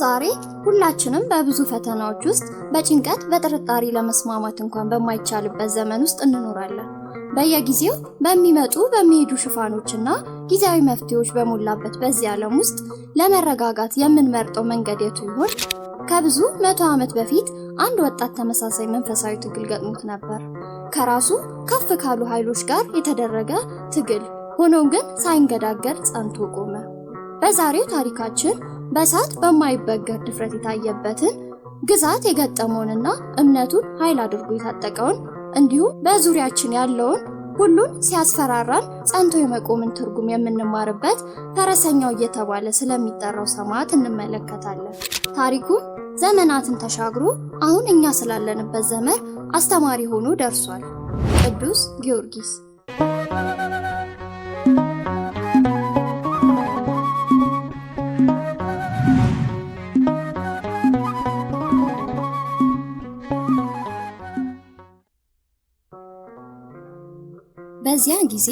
ዛሬ ሁላችንም በብዙ ፈተናዎች ውስጥ በጭንቀት በጥርጣሬ ለመስማማት እንኳን በማይቻልበት ዘመን ውስጥ እንኖራለን። በየጊዜው በሚመጡ በሚሄዱ ሽፋኖችና ጊዜያዊ መፍትሄዎች በሞላበት በዚህ ዓለም ውስጥ ለመረጋጋት የምንመርጠው መንገድ የቱ ይሆን? ከብዙ መቶ ዓመት በፊት አንድ ወጣት ተመሳሳይ መንፈሳዊ ትግል ገጥሞት ነበር። ከራሱ ከፍ ካሉ ኃይሎች ጋር የተደረገ ትግል ሆኖ ግን ሳይንገዳገር ጸንቶ ቆመ። በዛሬው ታሪካችን በእሳት በማይበገር ድፍረት የታየበትን ግዛት የገጠመውንና እምነቱን ኃይል አድርጎ የታጠቀውን እንዲሁም በዙሪያችን ያለውን ሁሉን ሲያስፈራራን ጸንቶ የመቆምን ትርጉም የምንማርበት ፈረሰኛው እየተባለ ስለሚጠራው ሰማዕት እንመለከታለን። ታሪኩ ዘመናትን ተሻግሮ አሁን እኛ ስላለንበት ዘመን አስተማሪ ሆኖ ደርሷል። ቅዱስ ጊዮርጊስ በዚያ ጊዜ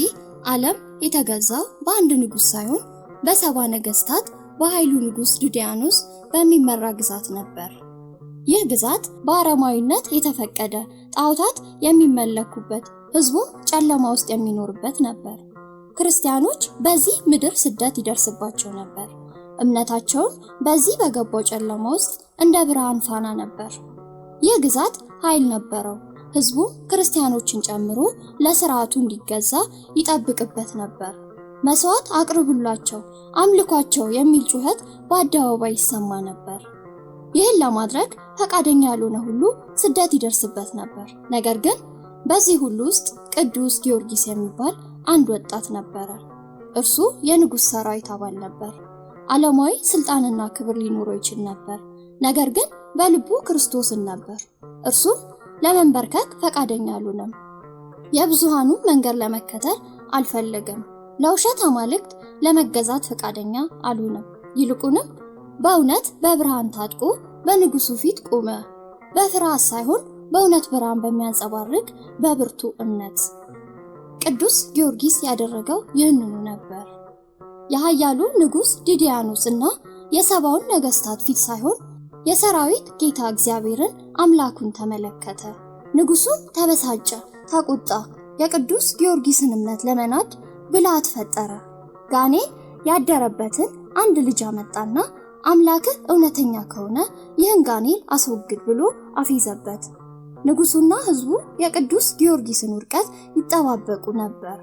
ዓለም የተገዛው በአንድ ንጉሥ ሳይሆን በሰባ ነገሥታት በኃይሉ ንጉሥ ዱዲያኖስ በሚመራ ግዛት ነበር። ይህ ግዛት በአረማዊነት የተፈቀደ፣ ጣዖታት የሚመለኩበት፣ ህዝቡ ጨለማ ውስጥ የሚኖርበት ነበር። ክርስቲያኖች በዚህ ምድር ስደት ይደርስባቸው ነበር። እምነታቸውን በዚህ በገባው ጨለማ ውስጥ እንደ ብርሃን ፋና ነበር። ይህ ግዛት ኃይል ነበረው። ህዝቡ ክርስቲያኖችን ጨምሮ ለስርዓቱ እንዲገዛ ይጠብቅበት ነበር። መስዋዕት አቅርቡላቸው፣ አምልኳቸው የሚል ጩኸት በአደባባይ ይሰማ ነበር። ይህን ለማድረግ ፈቃደኛ ያልሆነ ሁሉ ስደት ይደርስበት ነበር። ነገር ግን በዚህ ሁሉ ውስጥ ቅዱስ ጊዮርጊስ የሚባል አንድ ወጣት ነበረ። እርሱ የንጉሥ ሰራዊት አባል ነበር። ዓለማዊ ስልጣንና ክብር ሊኖረው ይችል ነበር፣ ነገር ግን በልቡ ክርስቶስን ነበር። እርሱም ለመንበርከክ ፈቃደኛ አልሆነም። የብዙሃኑ መንገድ ለመከተል አልፈለገም። ለውሸት አማልክት ለመገዛት ፈቃደኛ አልሆነም። ይልቁንም በእውነት በብርሃን ታጥቆ በንጉሱ ፊት ቆመ። በፍርሃት ሳይሆን በእውነት ብርሃን በሚያንጸባርቅ በብርቱ እምነት። ቅዱስ ጊዮርጊስ ያደረገው ይህንኑ ነበር። የኃያሉን ንጉስ ዲዲያኖስ እና የሰባውን ነገስታት ፊት ሳይሆን የሰራዊት ጌታ እግዚአብሔርን አምላኩን ተመለከተ። ንጉሱም ተበሳጨ፣ ተቆጣ። የቅዱስ ጊዮርጊስን እምነት ለመናድ ብልሃት ፈጠረ። ጋኔ ያደረበትን አንድ ልጅ አመጣና አምላክህ እውነተኛ ከሆነ ይህን ጋኔል አስወግድ ብሎ አፌዘበት። ንጉሱና ህዝቡ የቅዱስ ጊዮርጊስን ውድቀት ይጠባበቁ ነበር።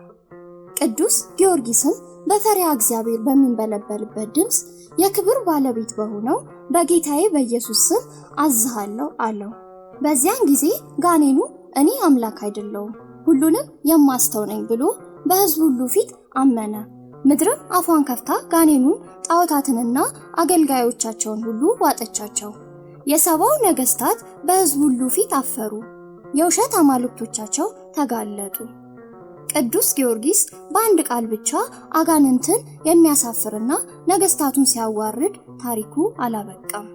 ቅዱስ ጊዮርጊስም በፈሪያ እግዚአብሔር በሚንበለበልበት ድምፅ የክብር ባለቤት በሆነው በጌታዬ በኢየሱስ ስም አዝሃለሁ አለው። በዚያን ጊዜ ጋኔኑ እኔ አምላክ አይደለውም ሁሉንም የማስተው ነኝ ብሎ በህዝብ ሁሉ ፊት አመነ። ምድርም አፏን ከፍታ ጋኔኑን ጣዖታትንና አገልጋዮቻቸውን ሁሉ ዋጠቻቸው። የሰባው ነገስታት በሕዝብ ሁሉ ፊት አፈሩ፣ የውሸት አማልክቶቻቸው ተጋለጡ። ቅዱስ ጊዮርጊስ በአንድ ቃል ብቻ አጋንንትን የሚያሳፍርና ነገስታቱን ሲያዋርድ ታሪኩ አላበቃም።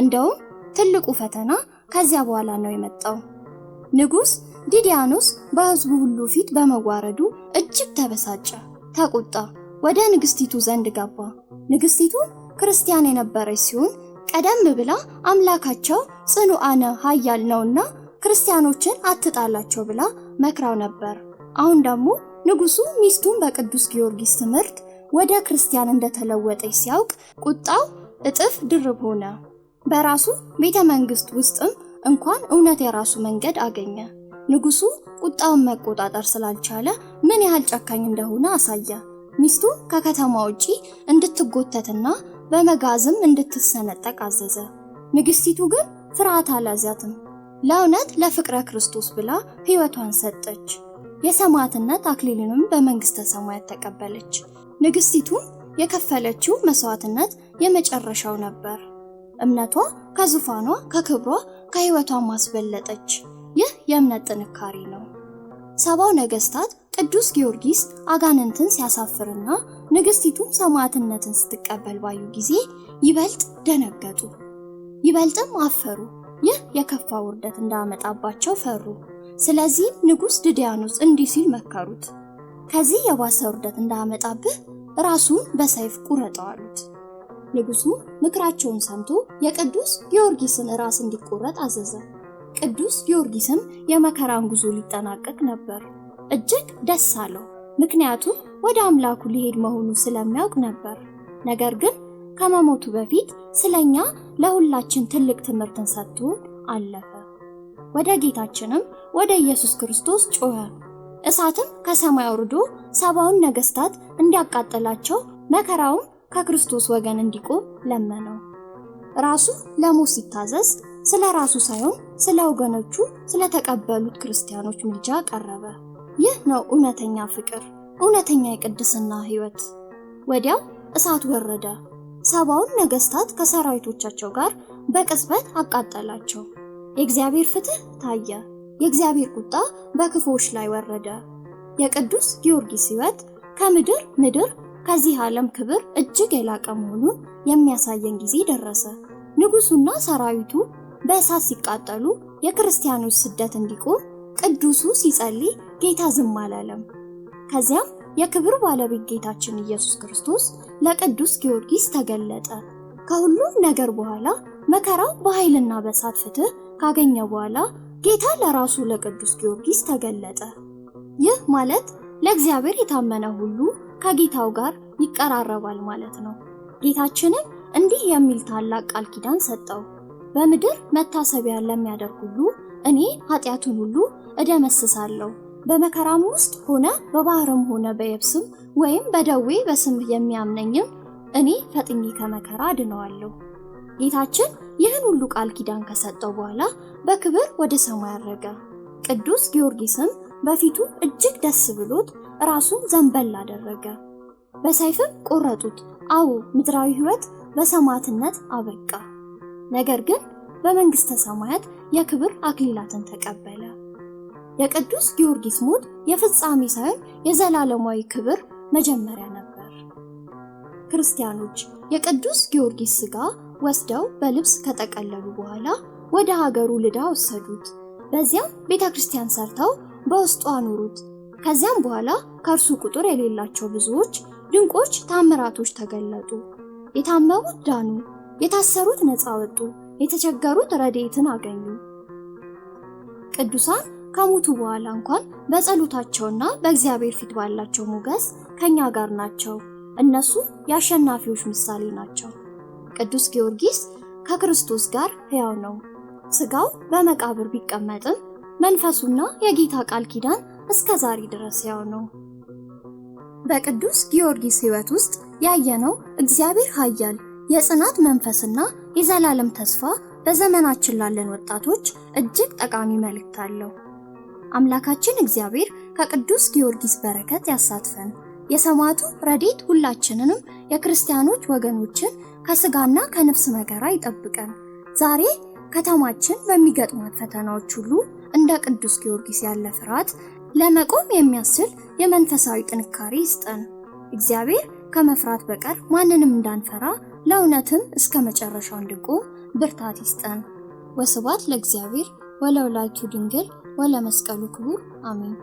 እንደውም ትልቁ ፈተና ከዚያ በኋላ ነው የመጣው። ንጉስ ዲዲያኖስ በህዝቡ ሁሉ ፊት በመዋረዱ እጅግ ተበሳጨ፣ ተቆጣ። ወደ ንግስቲቱ ዘንድ ገባ። ንግስቲቱ ክርስቲያን የነበረች ሲሆን ቀደም ብላ አምላካቸው ጽኑዓነ ኃያል ነውና ክርስቲያኖችን አትጣላቸው ብላ መክራው ነበር። አሁን ደግሞ ንጉሱ ሚስቱን በቅዱስ ጊዮርጊስ ትምህርት ወደ ክርስቲያን እንደተለወጠች ሲያውቅ ቁጣው እጥፍ ድርብ ሆነ። በራሱ ቤተ መንግስት ውስጥም እንኳን እውነት የራሱ መንገድ አገኘ። ንጉሱ ቁጣውን መቆጣጠር ስላልቻለ ምን ያህል ጨካኝ እንደሆነ አሳየ። ሚስቱ ከከተማ ውጪ እንድትጎተትና በመጋዝም እንድትሰነጠቅ አዘዘ። ንግስቲቱ ግን ፍርሃት አላዚያትም። ለእውነት ለፍቅረ ክርስቶስ ብላ ሕይወቷን ሰጠች። የሰማዕትነት አክሊልንም በመንግስተ ሰማያት ተቀበለች። ንግስቲቱ የከፈለችው መስዋዕትነት የመጨረሻው ነበር። እምነቷ ከዙፋኗ ከክብሯ ከህይወቷ ማስበለጠች። ይህ የእምነት ጥንካሬ ነው። ሰባው ነገስታት ቅዱስ ጊዮርጊስ አጋንንትን ሲያሳፍርና ንግስቲቱም ሰማዕትነትን ስትቀበል ባዩ ጊዜ ይበልጥ ደነገጡ፣ ይበልጥም አፈሩ። ይህ የከፋ ውርደት እንዳመጣባቸው ፈሩ። ስለዚህም ንጉሥ ድዲያኖስ እንዲህ ሲል መከሩት፣ ከዚህ የባሰ ውርደት እንዳያመጣብህ ራሱን በሰይፍ ቁረጠው አሉት። ምክራቸውን ሰምቶ የቅዱስ ጊዮርጊስን ራስ እንዲቆረጥ አዘዘ። ቅዱስ ጊዮርጊስም የመከራን ጉዞ ሊጠናቀቅ ነበር። እጅግ ደስ አለው፣ ምክንያቱም ወደ አምላኩ ሊሄድ መሆኑ ስለሚያውቅ ነበር። ነገር ግን ከመሞቱ በፊት ስለኛ ለሁላችን ትልቅ ትምህርትን ሰጥቶ አለፈ። ወደ ጌታችንም ወደ ኢየሱስ ክርስቶስ ጮኸ። እሳትም ከሰማይ አውርዶ ሰባውን ነገስታት እንዲያቃጥላቸው መከራውም ከክርስቶስ ወገን እንዲቆም ለመነው። ራሱ ለሞት ሲታዘዝ ስለ ራሱ ሳይሆን ስለ ወገኖቹ ስለተቀበሉት ክርስቲያኖች ምልጃ ቀረበ። ይህ ነው እውነተኛ ፍቅር፣ እውነተኛ የቅድስና ህይወት ወዲያው እሳት ወረደ። ሰባውን ነገስታት ከሰራዊቶቻቸው ጋር በቅጽበት አቃጠላቸው። የእግዚአብሔር ፍትህ ታየ። የእግዚአብሔር ቁጣ በክፎች ላይ ወረደ። የቅዱስ ጊዮርጊስ ሕይወት ከምድር ምድር ከዚህ ዓለም ክብር እጅግ የላቀ መሆኑን የሚያሳየን ጊዜ ደረሰ። ንጉሱና ሰራዊቱ በእሳት ሲቃጠሉ የክርስቲያኖች ስደት እንዲቆም ቅዱሱ ሲጸልይ ጌታ ዝም አላለም። ከዚያም የክብር ባለቤት ጌታችን ኢየሱስ ክርስቶስ ለቅዱስ ጊዮርጊስ ተገለጠ። ከሁሉም ነገር በኋላ መከራው በኃይልና በእሳት ፍትህ ካገኘ በኋላ ጌታ ለራሱ ለቅዱስ ጊዮርጊስ ተገለጠ። ይህ ማለት ለእግዚአብሔር የታመነ ሁሉ ከጌታው ጋር ይቀራረባል ማለት ነው። ጌታችንም እንዲህ የሚል ታላቅ ቃል ኪዳን ሰጠው፣ በምድር መታሰቢያ ለሚያደርግ ሁሉ እኔ ኃጢአቱን ሁሉ እደመስሳለሁ። በመከራም ውስጥ ሆነ በባህርም ሆነ በየብስም ወይም በደዌ በስም የሚያምነኝም እኔ ፈጥኜ ከመከራ አድነዋለሁ። ጌታችን ይህን ሁሉ ቃል ኪዳን ከሰጠው በኋላ በክብር ወደ ሰማይ አረገ። ቅዱስ ጊዮርጊስም በፊቱ እጅግ ደስ ብሎት ራሱን ዘንበል አደረገ፣ በሰይፍም ቆረጡት። አዎ ምድራዊ ሕይወት በሰማዕትነት አበቃ። ነገር ግን በመንግሥተ ሰማያት የክብር አክሊላትን ተቀበለ። የቅዱስ ጊዮርጊስ ሞት የፍጻሜ ሳይሆን የዘላለማዊ ክብር መጀመሪያ ነበር። ክርስቲያኖች የቅዱስ ጊዮርጊስ ሥጋ ወስደው በልብስ ከጠቀለሉ በኋላ ወደ ሀገሩ ልዳ ወሰዱት። በዚያም ቤተ ክርስቲያን ሰርተው በውስጡ አኖሩት። ከዚያም በኋላ ከእርሱ ቁጥር የሌላቸው ብዙዎች ድንቆች ታምራቶች ተገለጡ። የታመሙት ዳኑ፣ የታሰሩት ነፃ ወጡ፣ የተቸገሩት ረድኤትን አገኙ። ቅዱሳን ከሞቱ በኋላ እንኳን በጸሎታቸውና በእግዚአብሔር ፊት ባላቸው ሞገስ ከኛ ጋር ናቸው። እነሱ የአሸናፊዎች ምሳሌ ናቸው። ቅዱስ ጊዮርጊስ ከክርስቶስ ጋር ሕያው ነው። ሥጋው በመቃብር ቢቀመጥም መንፈሱና የጌታ ቃል ኪዳን እስከ ዛሬ ድረስ ሕያው ነው። በቅዱስ ጊዮርጊስ ሕይወት ውስጥ ያየነው እግዚአብሔር ኃያል የጽናት መንፈስና የዘላለም ተስፋ በዘመናችን ላለን ወጣቶች እጅግ ጠቃሚ መልእክት አለው። አምላካችን እግዚአብሔር ከቅዱስ ጊዮርጊስ በረከት ያሳትፈን። የሰማዕቱ ረዴት ሁላችንንም የክርስቲያኖች ወገኖችን ከስጋና ከነፍስ መከራ ይጠብቀን። ዛሬ ከተማችን በሚገጥሟት ፈተናዎች ሁሉ እንደ ቅዱስ ጊዮርጊስ ያለ ፍርሃት ለመቆም የሚያስችል የመንፈሳዊ ጥንካሬ ይስጠን። እግዚአብሔር ከመፍራት በቀር ማንንም እንዳንፈራ ለእውነትም እስከ መጨረሻው እንድቆም ብርታት ይስጠን። ወስብሐት ለእግዚአብሔር ወለወላዲቱ ድንግል ወለመስቀሉ ክቡር አሜን።